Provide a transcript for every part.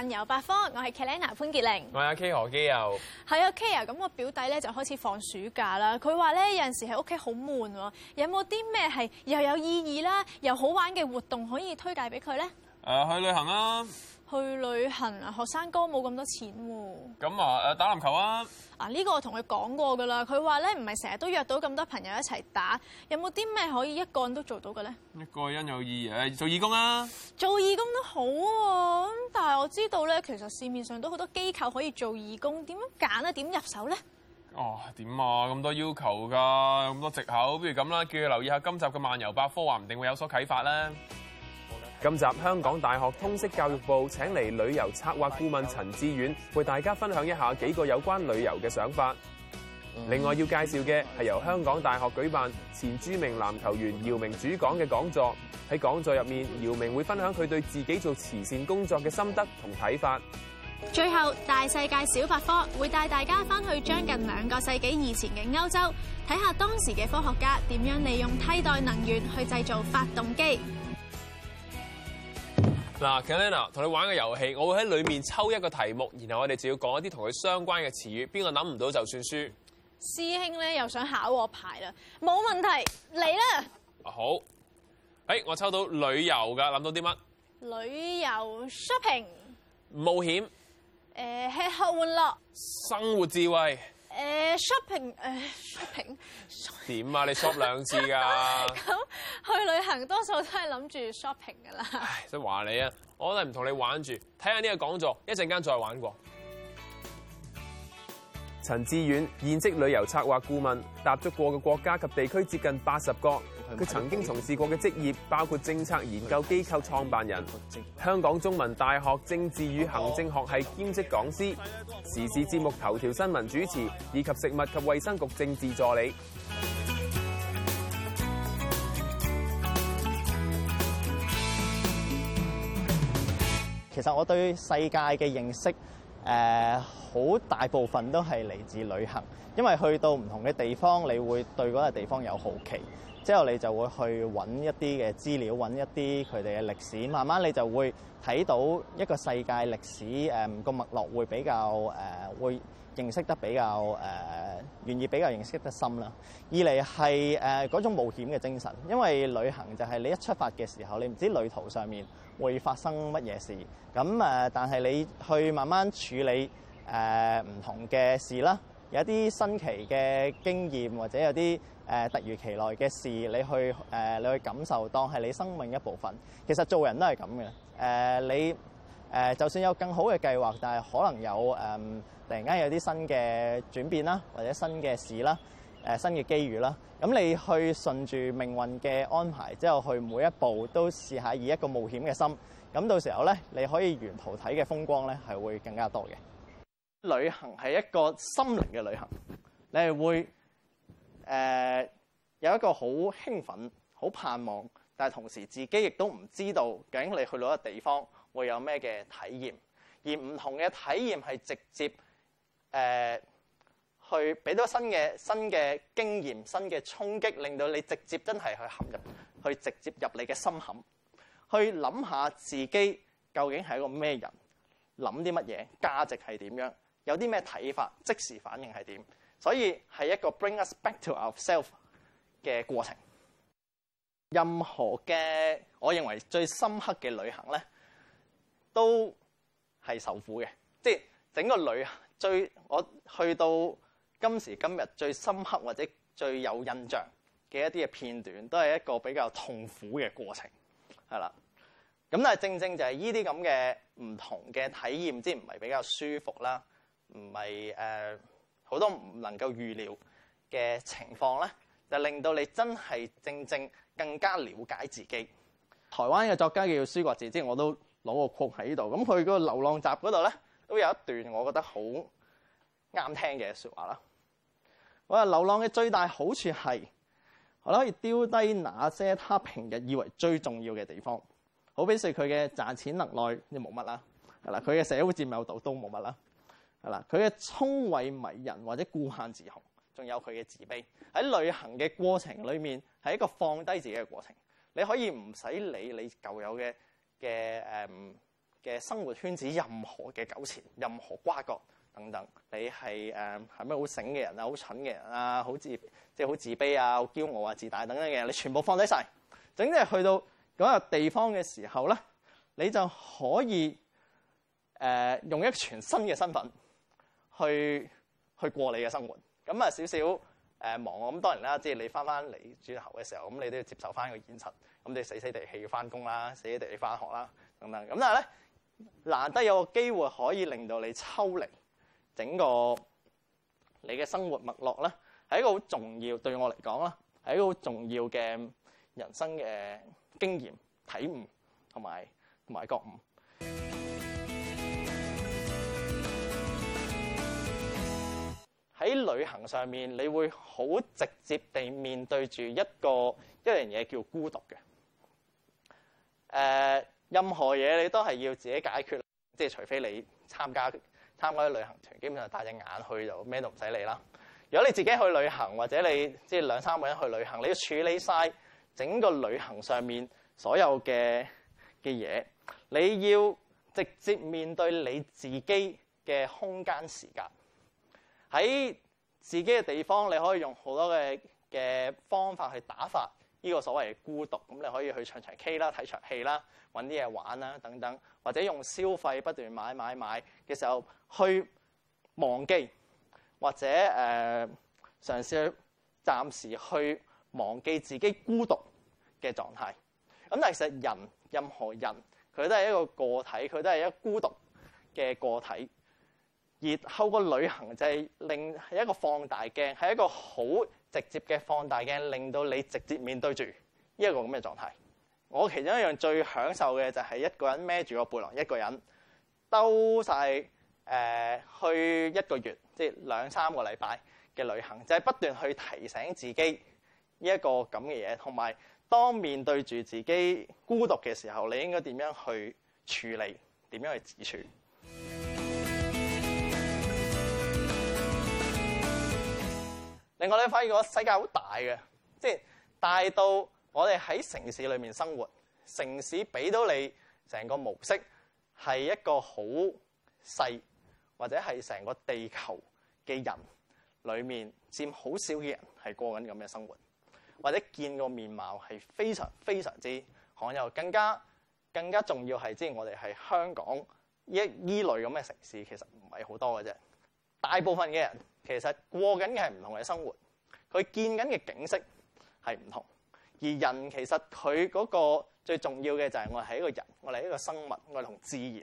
漫遊百科，我係 Kelenna 潘潔玲，我係阿 K 何基佑，係阿 K 啊，咁我表弟咧就開始放暑假啦，佢話咧有陣時喺屋企好悶，有冇啲咩係又有意義啦又好玩嘅活動可以推介俾佢咧？誒，去旅行啊。去旅行啊！學生哥冇咁多錢喎、啊。咁啊誒打籃球啊！啊、這個、我跟他他呢個同佢講過㗎啦。佢話咧唔係成日都約到咁多朋友一齊打。有冇啲咩可以一個人都做到嘅咧？一個人有意誒做義工啊！做義工都好喎、啊，咁但係我知道咧，其實市面上都好多機構可以做義工，點樣揀咧？點入手咧？哦點啊咁、啊、多要求㗎，咁多藉口，不如咁啦，叫佢留意下今集嘅漫遊百科，話唔定會有所啟發啦。今集香港大學通識教育部請嚟旅遊策劃顧問陳智遠，為大家分享一下幾個有關旅遊嘅想法。另外要介紹嘅係由香港大學舉辦，前著名籃球員姚明主講嘅講座。喺講座入面，姚明會分享佢對自己做慈善工作嘅心得同睇法。最後，大世界小百科會帶大家翻去將近兩個世紀以前嘅歐洲，睇下當時嘅科學家點樣利用替代能源去製造發動機。嗱 Kelenna 同你玩個遊戲，我會喺裏面抽一個題目，然後我哋就要講一啲同佢相關嘅詞語，邊個諗唔到就算輸。師兄咧，又想考我牌啦，冇問題，嚟啦。好，誒、哎，我抽到旅遊噶，諗到啲乜？旅遊 shop、shopping、冒險、誒、呃、吃喝玩樂、生活智慧。誒、uh, shopping，誒、uh, shopping，點啊？你 shop 兩次㗎？咁 去旅行多數都係諗住 shopping 㗎啦。唉，都話你啊，我都係唔同你玩住，睇下呢個講座，一陣間再玩過。陳智遠現職旅遊策劃顧問，踏足過嘅國家及地區接近八十個。佢曾經從事過嘅職業包括政策研究機構創辦人、香港中文大學政治與行政學系兼職講師、時事節目《頭條新聞》主持，以及食物及衛生局政治助理。其實，我對世界嘅認識，誒，好大部分都係嚟自旅行，因為去到唔同嘅地方，你會對嗰個地方有好奇。之後，你就會去揾一啲嘅資料，揾一啲佢哋嘅歷史，慢慢你就會睇到一個世界歷史誒個、呃、脈絡，會比較誒、呃、會認識得比較誒、呃、願意比較認識得深啦。二嚟係誒嗰種冒險嘅精神，因為旅行就係你一出發嘅時候，你唔知旅途上面會發生乜嘢事咁、呃、但係你去慢慢處理誒唔、呃、同嘅事啦，有啲新奇嘅經驗或者有啲。誒突如其來嘅事，你去誒你去感受，當係你生命一部分。其實做人都係咁嘅。誒你誒就算有更好嘅計劃，但係可能有誒突然間有啲新嘅轉變啦，或者新嘅事啦，誒新嘅機遇啦。咁你去順住命運嘅安排之後，去每一步都試下以一個冒險嘅心。咁到時候咧，你可以沿途睇嘅風光咧係會更加多嘅。旅行係一個心靈嘅旅行，你係會。誒、呃、有一個好興奮、好盼望，但係同時自己亦都唔知道究竟你去到一個地方會有咩嘅體驗，而唔同嘅體驗係直接誒、呃、去俾到新嘅新嘅經驗、新嘅衝擊，令到你直接真係去陷入，去直接入你嘅心坎，去諗下自己究竟係一個咩人，諗啲乜嘢，價值係點樣，有啲咩睇法，即時反應係點。所以係一個 bring us back to ourself 嘅過程。任何嘅，我認為最深刻嘅旅行咧，都係受苦嘅，即係整個旅行，最我去到今時今日最深刻或者最有印象嘅一啲嘅片段，都係一個比較痛苦嘅過程，係啦。咁但係正正就係呢啲咁嘅唔同嘅體驗，即係唔係比較舒服啦，唔係誒好多唔能夠預料嘅情況咧，就令到你真係正正更加了解自己。台灣嘅作家叫舒國治，之前我都攞個曲喺呢度。咁佢嗰個流浪集嗰度咧，都有一段我覺得好啱聽嘅説話啦。我話流浪嘅最大好處係，好啦，可以丟低那些他平日以為最重要嘅地方。好比說佢嘅賺錢能耐沒什麼，即冇乜啦。係啦，佢嘅社會佔有度都冇乜啦。係啦，佢嘅聰慧迷人或者顧盼自雄，仲有佢嘅自卑。喺旅行嘅過程裏面，係一個放低自己嘅過程。你可以唔使理你舊有嘅嘅誒嘅生活圈子任何嘅糾纏、任何瓜葛等等。你係誒係咩好醒嘅人啊？好蠢嘅人啊？好自即係好自卑啊、好驕傲啊、自大等等嘅人，你全部放低晒，整即係去到嗰個地方嘅時候咧，你就可以誒、呃、用一全新嘅身份。去去過你嘅生活，咁啊少少誒忙，咁當然啦，即係你翻翻嚟轉頭嘅時候，咁你都要接受翻個現實，咁你死死地氣要翻工啦，死死地氣翻學啦等等，咁但係咧難得有個機會可以令到你抽離整個你嘅生活脈絡啦，係一個好重要對我嚟講啦，係一個好重要嘅人生嘅經驗體悟同埋同埋覺悟。喺旅行上面，你會好直接地面對住一個一樣嘢叫孤獨嘅。誒、呃，任何嘢你都係要自己解決，即係除非你參加參加旅行團，基本上帶隻眼去就咩都唔使理啦。如果你自己去旅行，或者你即係兩三個人去旅行，你要處理晒整個旅行上面所有嘅嘅嘢，你要直接面對你自己嘅空間時間。喺自己嘅地方，你可以用好多嘅嘅方法去打發呢個所謂嘅孤獨，咁你可以去唱場 K 啦、睇場戲啦、揾啲嘢玩啦等等，或者用消費不斷買買買嘅時候去忘記，或者誒嘗試暫時去忘記自己孤獨嘅狀態。咁但係其實人任何人佢都係一個個體，佢都係一個孤獨嘅個體。而後個旅行就係令係一個放大鏡，係一個好直接嘅放大鏡，令到你直接面對住依一個咁嘅狀態。我其中一樣最享受嘅就係一個人孭住個背囊，一個人兜晒、呃、去一個月，即係兩三個禮拜嘅旅行，就係、是、不斷去提醒自己依一個咁嘅嘢，同埋當面對住自己孤獨嘅時候，你應該點樣去處理，點樣去自處。另外你發現個世界好大嘅，即係大到我哋喺城市裏面生活，城市俾到你成個模式係一個好細，或者係成個地球嘅人裏面佔好少嘅人係過緊咁嘅生活，或者見個面貌係非常非常之罕有。可能更加更加重要係，即係我哋喺香港呢一呢類咁嘅城市，其實唔係好多嘅啫，大部分嘅人。其實過緊嘅係唔同嘅生活，佢見緊嘅景色係唔同，而人其實佢嗰個最重要嘅就係我係一個人，我係一個生物，我同自然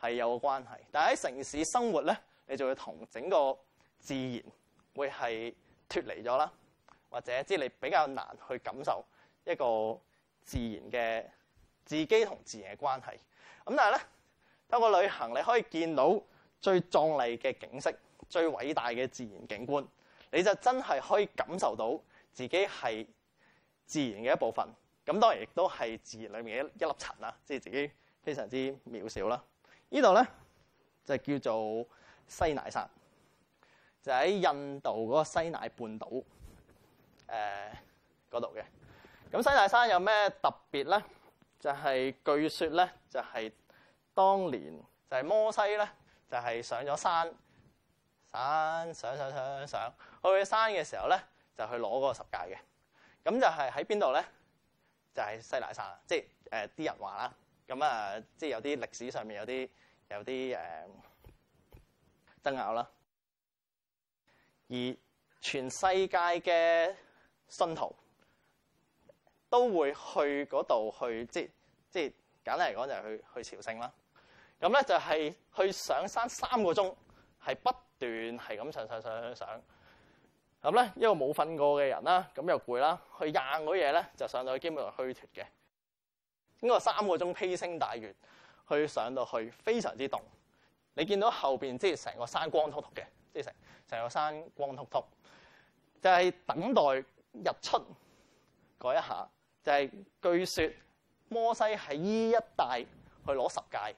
係有關係。但喺城市生活咧，你就會同整個自然會係脫離咗啦，或者即係你比較難去感受一個自然嘅自己同自然嘅關係。咁但係咧，通過旅行，你可以見到最壯麗嘅景色。最偉大嘅自然景觀，你就真係可以感受到自己係自然嘅一部分。咁當然亦都係自然裡面嘅一粒塵啦，即係自己非常之渺小啦。這裡呢度咧就叫做西奈山，就喺、是、印度嗰個西奈半島誒嗰度嘅。咁、呃、西奈山有咩特別咧？就係、是、據說咧，就係當年就係摩西咧，就係上咗山。山上，上上上上去山嘅時候咧，就去攞個個十戒嘅，咁就係喺邊度咧？就係、是、西乃山即係誒啲人話啦，咁啊，即、呃、係、就是、有啲歷史上面有啲有啲誒、呃、爭拗啦。而全世界嘅信徒都會去嗰度去，即係即係簡單嚟講就係去去朝聖啦。咁咧就係去上山三個鐘，係不。段係咁上上上上上咁咧，一個冇瞓過嘅人啦，咁又攰啦，去硬嗰嘢咧就上到去，基本上虛脱嘅。應該三個鐘披星戴月去上到去，非常之凍。你見到後邊，即係成個山光禿禿嘅，即係成成個山光禿禿，就係、是、等待日出嗰一下。就係、是、據說摩西喺依一帶去攞十誡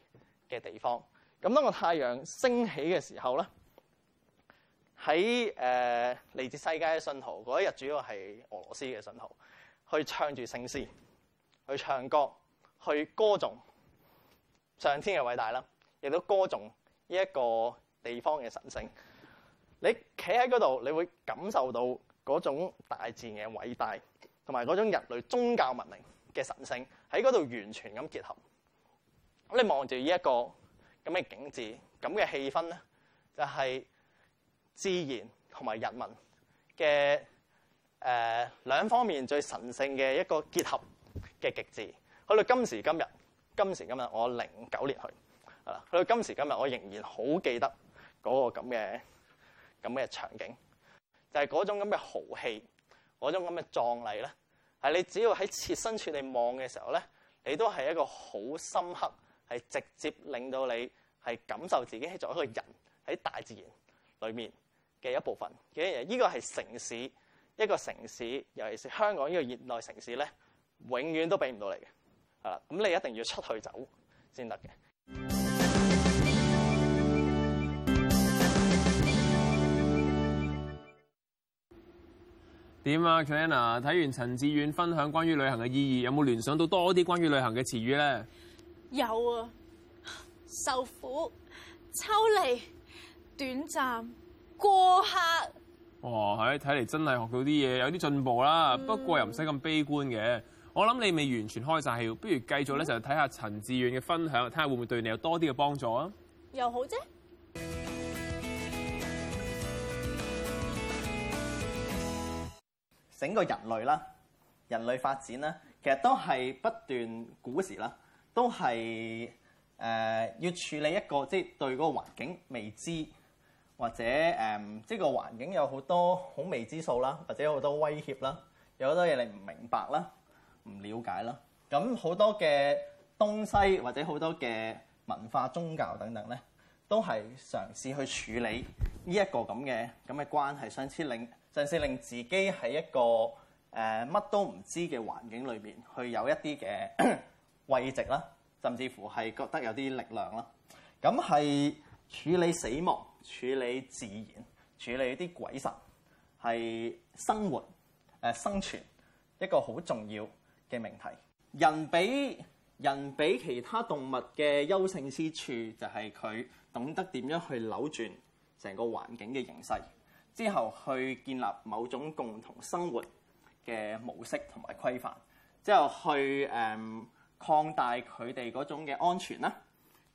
嘅地方。咁當個太陽升起嘅時候咧。喺誒嚟自世界嘅信徒嗰一日，天主要係俄羅斯嘅信徒，去唱住聖詩，去唱歌，去歌頌上天嘅偉大啦，亦都歌頌呢一個地方嘅神聖。你企喺嗰度，你會感受到嗰種大自然嘅偉大，同埋嗰種人類宗教文明嘅神聖喺嗰度完全咁結合。咁你望住呢一個咁嘅景致，咁嘅氣氛咧，就係、是。自然同埋人民嘅誒、呃、兩方面最神聖嘅一個結合嘅極致。去到今時今日，今時今日我零九年去，啦去到今時今日我仍然好記得嗰、那個咁嘅咁嘅場景，就係、是、嗰種咁嘅豪氣嗰種咁嘅壯麗咧，係你只要喺切身處地望嘅時候咧，你都係一個好深刻，係直接令到你係感受自己係作為一個人喺大自然裏面，嘅一部分，嘅嘢，依個係城市，一個城市，尤其是香港呢個熱帶城市咧，永遠都畀唔到你嘅，係啦，咁你一定要出去走先得嘅。點啊，Kiana？睇完陳智遠分享關於旅行嘅意義，有冇聯想到多啲關於旅行嘅詞語咧？有啊，受苦、抽離、短暫。過客。哇、哦，係睇嚟真係學到啲嘢，有啲進步啦。嗯、不過又唔使咁悲觀嘅。我諗你未完全開晒竅，不如繼續咧就睇下陳智遠嘅分享，睇下會唔會對你有多啲嘅幫助啊？又好啫。整個人類啦，人類發展啦，其實都係不斷古時啦，都係誒、呃、要處理一個即係、就是、對嗰個環境未知。或者誒，即、這個環境有好多好未知數啦，或者好多威脅啦，有好多嘢你唔明白啦，唔了解啦，咁好多嘅東西或者好多嘅文化、宗教等等咧，都係嘗試去處理呢一個咁嘅咁嘅關係，嘗試令甚至令自己喺一個誒乜、呃、都唔知嘅環境裏邊去有一啲嘅慰藉啦，甚至乎係覺得有啲力量啦，咁係。處理死亡、處理自然、處理啲鬼神，係生活、誒、呃、生存一個好重要嘅命題。人比人比其他動物嘅優勝之處，就係佢懂得點樣去扭轉成個環境嘅形勢，之後去建立某種共同生活嘅模式同埋規範，之後去誒、嗯、擴大佢哋嗰種嘅安全啦。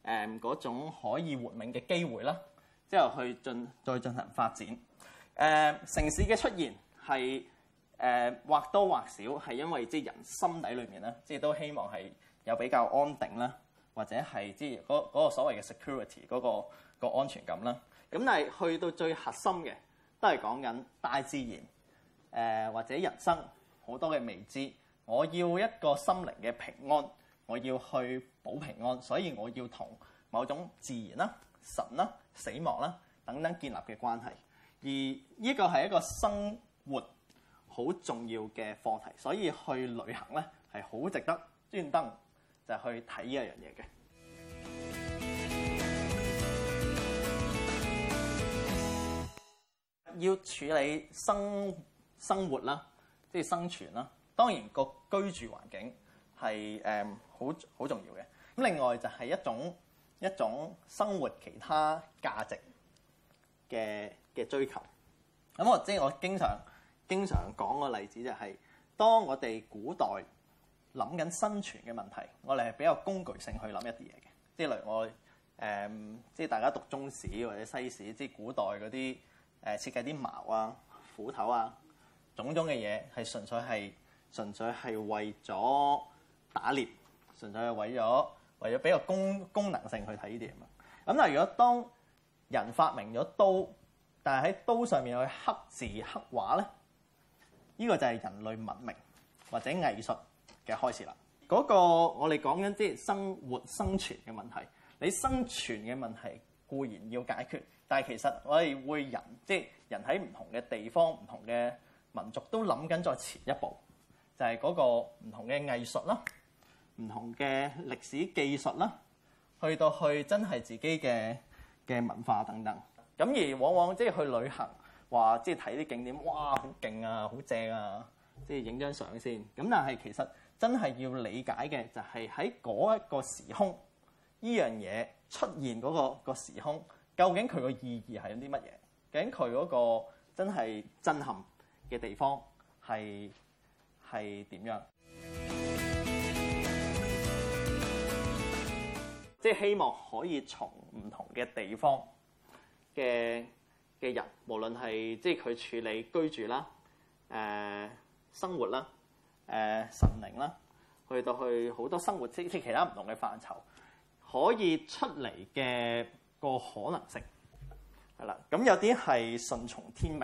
誒嗰、嗯、種可以活命嘅機會啦，之後去進再進行發展。誒、呃、城市嘅出現係誒、呃、或多或少係因為即係人心底裏面咧，即、就、係、是、都希望係有比較安定啦，或者係即係嗰個所謂嘅 security 嗰、那個那個安全感啦。咁但係去到最核心嘅，都係講緊大自然誒、呃、或者人生好多嘅未知，我要一個心靈嘅平安。我要去保平安，所以我要同某種自然啦、神啦、死亡啦等等建立嘅關係。而呢個係一個生活好重要嘅課題，所以去旅行咧係好值得專登就去睇呢一樣嘢嘅。要處理生生活啦，即係生存啦。當然個居住環境。係誒好好重要嘅。咁另外就係一種一種生活其他價值嘅嘅追求。咁我即係我經常經常講個例子就係，當我哋古代諗緊生存嘅問題，我哋係比較工具性去諗一啲嘢嘅。即係例如我誒即係大家讀中史或者西史，即係古代嗰啲誒設計啲矛啊斧頭啊種種嘅嘢，係純粹係純粹係為咗。打獵純粹係為咗為咗比較功功能性去睇呢啲啊嘛。咁嗱，如果當人發明咗刀，但係喺刀上面去刻字刻畫咧，呢個就係人類文明或者藝術嘅開始啦。嗰個我哋講緊即係生活生存嘅問題，你生存嘅問題固然要解決，但係其實我哋會人即係人喺唔同嘅地方、唔同嘅民族都諗緊再前一步，就係嗰個唔同嘅藝術啦。唔同嘅歷史技術啦，去到去真係自己嘅嘅文化等等。咁而往往即係去旅行，話即係睇啲景點，哇，好勁啊，好正啊，即係影張相先。咁但係其實真係要理解嘅，就係喺嗰一個時空，呢樣嘢出現嗰個個時空，究竟佢個意義係啲乜嘢？究竟佢嗰個真係震撼嘅地方係係點樣？即係希望可以從唔同嘅地方嘅嘅人，無論係即係佢處理居住啦、誒、呃、生活啦、誒、呃、神靈啦，去到去好多生活即係其他唔同嘅範疇，可以出嚟嘅個可能性係啦。咁有啲係順從天命，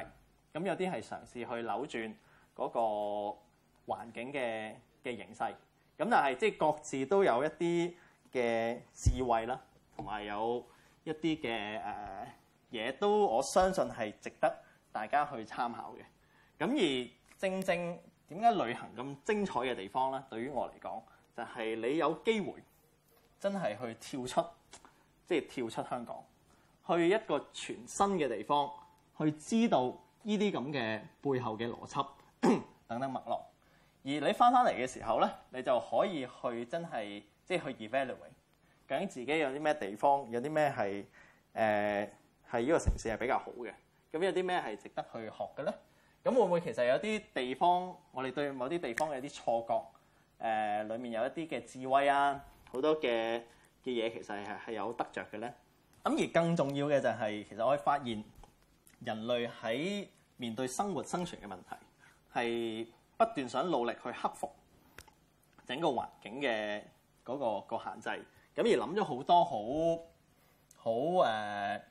咁有啲係嘗試去扭轉嗰個環境嘅嘅形勢。咁但係即係各自都有一啲。嘅智慧啦，同埋有一啲嘅誒嘢，啊、都我相信係值得大家去參考嘅。咁而正正點解旅行咁精彩嘅地方咧？對於我嚟講，就係、是、你有機會真係去跳出，即、就、係、是、跳出香港，去一個全新嘅地方，去知道呢啲咁嘅背後嘅邏輯等等脈絡。而你翻翻嚟嘅時候咧，你就可以去真係。即係去 evaluate 究竟自己有啲咩地方，有啲咩係誒係呢個城市係比較好嘅？咁有啲咩係值得去學嘅咧？咁會唔會其實有啲地方，我哋對某啲地方有啲錯覺誒、呃？裡面有一啲嘅智慧啊，好多嘅嘅嘢其實係係有得着嘅咧。咁而更重要嘅就係、是、其實我會發現人類喺面對生活生存嘅問題，係不斷想努力去克服整個環境嘅。嗰個限制，咁而諗咗好多好好誒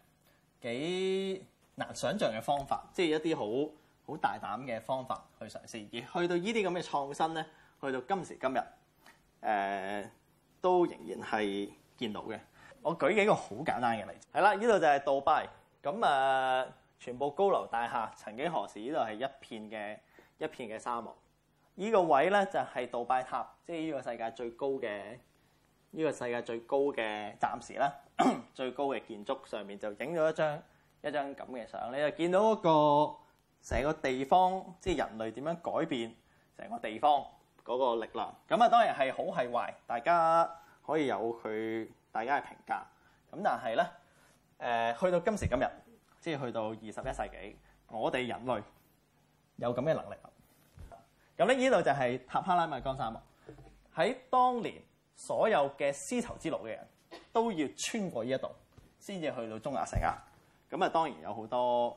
幾難想像嘅方法，即係一啲好好大膽嘅方法去嘗試。而去到呢啲咁嘅創新咧，去到今時今日，誒都仍然係見到嘅。我舉幾個好簡單嘅例子，係啦，呢度就係杜拜，咁誒全部高樓大廈，曾幾何時呢度係一片嘅一片嘅沙漠。呢個位咧就係杜拜塔，即係呢個世界最高嘅，呢個世界最高嘅，暫時咧最高嘅建築上面就影咗一張一張咁嘅相。你就見到一個成個地方，即係人類點樣改變成個地方嗰個力量。咁啊，當然係好係壞，大家可以有佢大家嘅評價。咁但係咧，誒去到今時今日，即係去到二十一世紀，我哋人類有咁嘅能力。咁咧，呢度就係塔克拉瑪干沙漠。喺當年，所有嘅絲綢之路嘅人都要穿過呢一度，先至去到中亞世界。咁啊，當然有好多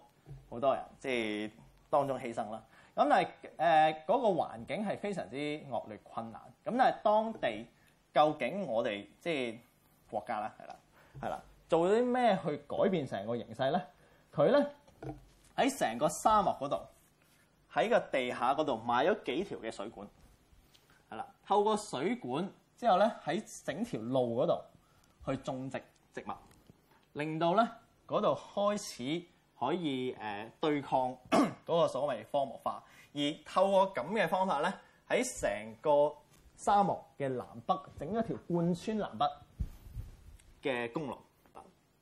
好多人，即係當中犧牲啦。咁但係誒，嗰個環境係非常之惡劣困難。咁但係當地究竟我哋即係國家啦，係啦，係啦，做咗啲咩去改變成個形勢咧？佢咧喺成個沙漠嗰度。喺個地下嗰度買咗幾條嘅水管，係啦，透過水管之後咧，喺整條路嗰度去種植植物，令到咧嗰度開始可以誒、呃、對抗嗰個所謂荒漠化。而透過咁嘅方法咧，喺成個沙漠嘅南北整咗條貫穿南北嘅公路，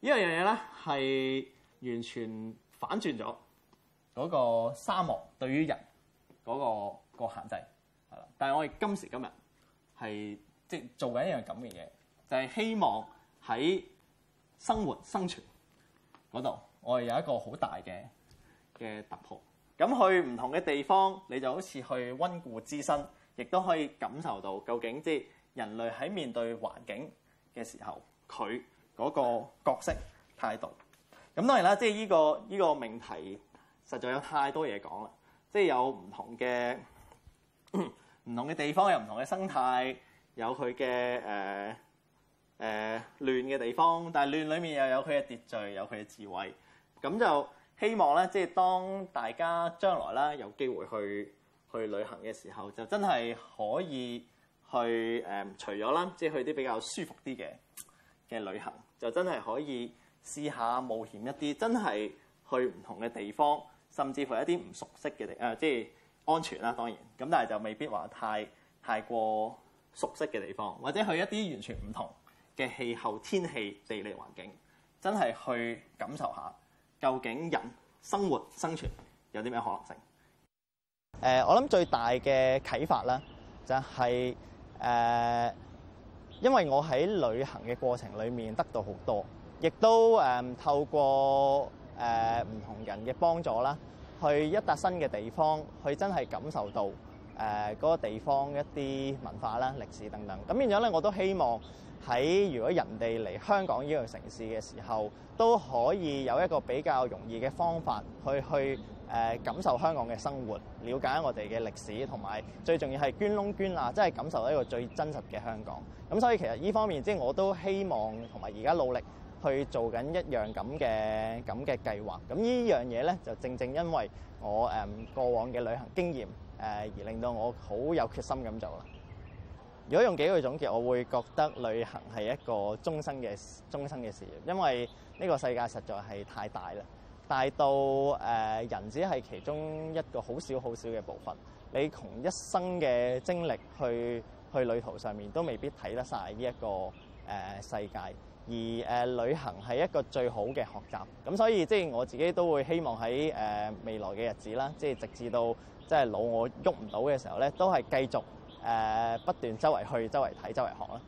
這個、東西呢樣嘢咧係完全反轉咗。嗰個沙漠對於人嗰個限制係啦，但係我哋今時今日係即係做緊一樣咁嘅嘢，就係希望喺生活生存嗰度，我哋有一個好大嘅嘅突破。咁去唔同嘅地方，你就好似去溫故知新，亦都可以感受到究竟即係人類喺面對環境嘅時候，佢嗰個角色態度。咁當然啦，即係呢個呢個命題。實在有太多嘢講啦，即係有唔同嘅唔同嘅地方，有唔同嘅生態，有佢嘅誒誒亂嘅地方，但係亂裡面又有佢嘅秩序，有佢嘅智慧。咁就希望咧，即係當大家將來啦有機會去去旅行嘅時候，就真係可以去誒、呃、除咗啦，即係去啲比較舒服啲嘅嘅旅行，就真係可以試下冒險一啲，真係去唔同嘅地方。甚至乎一啲唔熟悉嘅地方，即係安全啦，當然咁，但係就未必話太太過熟悉嘅地方，或者去一啲完全唔同嘅氣候、天氣、地理環境，真係去感受下究竟人生活生存有啲咩可能性？誒、呃，我諗最大嘅啟發啦、就是，就係誒，因為我喺旅行嘅過程裏面得到好多，亦都誒、呃、透過。誒唔同人嘅幫助啦，去一笪新嘅地方，去真係感受到誒嗰個地方一啲文化啦、歷史等等。咁變咗咧，我都希望喺如果人哋嚟香港呢個城市嘅時候，都可以有一個比較容易嘅方法去去誒感受香港嘅生活，了解我哋嘅歷史，同埋最重要係捐窿捐罅，真係感受到一個最真實嘅香港。咁所以其實呢方面，即係我都希望同埋而家努力。去做緊一樣咁嘅咁嘅計劃，咁呢樣嘢咧就正正因為我誒過往嘅旅行經驗誒，而令到我好有決心咁做啦。如果用幾句總結，我會覺得旅行係一個終生嘅終生嘅事業，因為呢個世界實在係太大啦，大到誒人只係其中一個好少好少嘅部分。你窮一生嘅精力去去旅途上面，都未必睇得晒呢一個誒世界。而誒、呃、旅行係一個最好嘅學習，咁所以即係我自己都會希望喺誒、呃、未來嘅日子啦，即係直至到即係老我喐唔到嘅時候咧，都係繼續誒、呃、不斷周圍去、周圍睇、周圍學啦。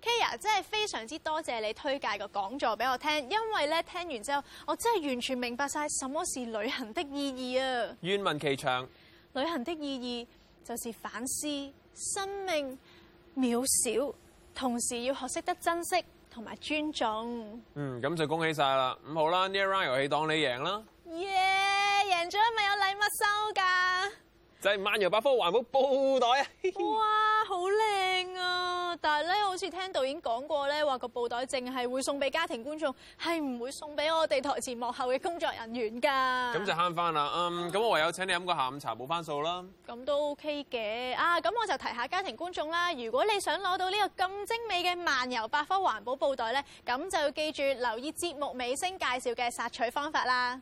Kaya 真係非常之多謝你推介個講座俾我聽，因為咧聽完之後，我真係完全明白晒，什麼是旅行的意義啊！願聞其詳。旅行的意義就是反思生命渺小。同時要學識得珍惜同埋尊重。嗯，咁就恭喜晒啦！咁好啦，呢一 round 遊戲當你贏啦！Yeah，贏咗咪有禮物收㗎！就係萬榕百科環保布袋啊！ 哇，好靚！好似聽導演講過咧，話個布袋淨係會送俾家庭觀眾，係唔會送俾我哋台前幕後嘅工作人員噶。咁就慳翻啦，嗯，咁我唯有請你飲個下午茶補翻數啦。咁都 OK 嘅，啊，咁我就提下家庭觀眾啦。如果你想攞到呢個咁精美嘅漫遊百科環保布袋咧，咁就要記住留意節目尾聲介紹嘅索取方法啦。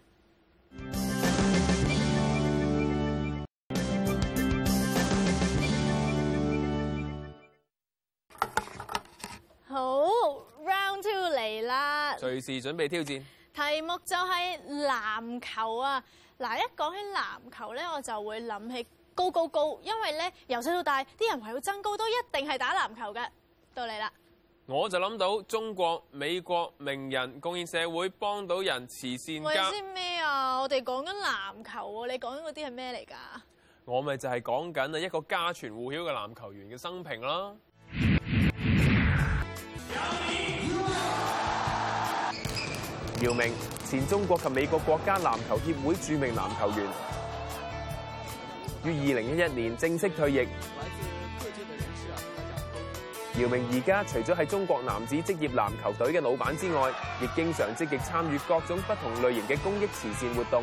好，round two 嚟啦！隨時準備挑戰。題目就係籃球啊！嗱，一講起籃球咧，我就會諗起高高高，因為咧由細到大，啲人為要增高都一定係打籃球嘅。到你啦！我就諗到中國、美國名人貢獻社會、幫到人、慈善家。為先咩啊？我哋講緊籃球喎，你講緊嗰啲係咩嚟噶？我咪就係講緊啊一個家傳戶曉嘅籃球員嘅生平咯。姚明，前中國及美國國家籃球協會著名籃球員，於二零一一年正式退役。姚明而家除咗係中國男子職業籃球隊嘅老闆之外，亦經常積極參與各種不同類型嘅公益慈善活動。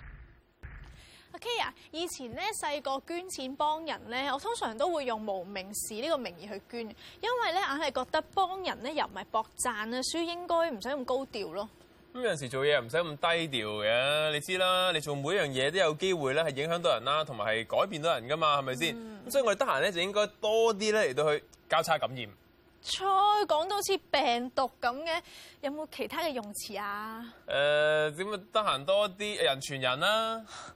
以前咧細個捐錢幫人咧，我通常都會用無名氏呢、呢個名義去捐，因為咧硬係覺得幫人咧又唔係博讚啊，所以應該唔使咁高調咯。咁、嗯、有陣時做嘢唔使咁低調嘅，你知啦，你做每一樣嘢都有機會咧係影響到人啦，同埋係改變到人噶嘛，係咪先？咁、嗯、所以我哋得閒咧就應該多啲咧嚟到去交叉感染。再講到好似病毒咁嘅，有冇其他嘅用詞啊？誒點啊？得閒多啲人傳人啦、啊。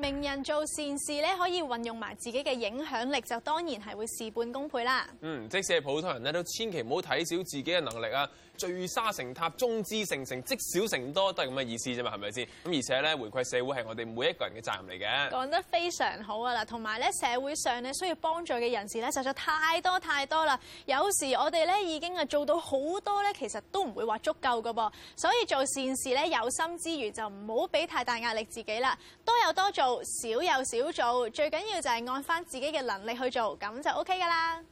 名人做善事咧，可以運用埋自己嘅影響力，就當然係會事半功倍啦。嗯，即使係普通人咧，都千祈唔好睇小自己嘅能力啊！聚沙成塔，眾志成城，積少成多，都係咁嘅意思啫嘛，係咪先？咁而且咧，回饋社會係我哋每一個人嘅責任嚟嘅。講得非常好啊啦，同埋咧，社會上咧需要幫助嘅人士咧，實在太多太多啦。有時我哋咧已經啊做到好多咧，其實都唔會話足夠噶噃。所以做善事咧，有心之餘就唔好俾太大壓力自己啦。多有多做，少有少做，最緊要就係按翻自己嘅能力去做，咁就 OK 噶啦。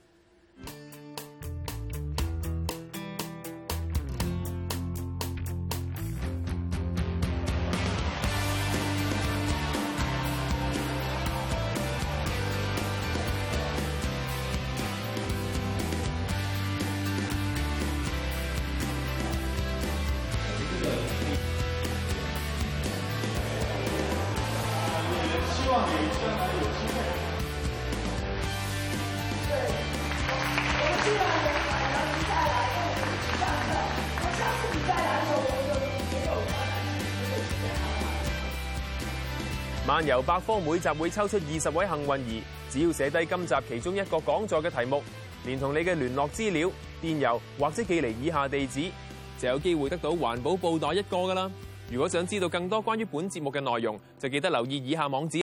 由百科每集會抽出二十位幸運兒，只要寫低今集其中一個講座嘅題目，連同你嘅聯絡資料、電郵或者寄嚟以下地址，就有機會得到環保布袋一個噶啦。如果想知道更多關於本節目嘅內容，就記得留意以下網址。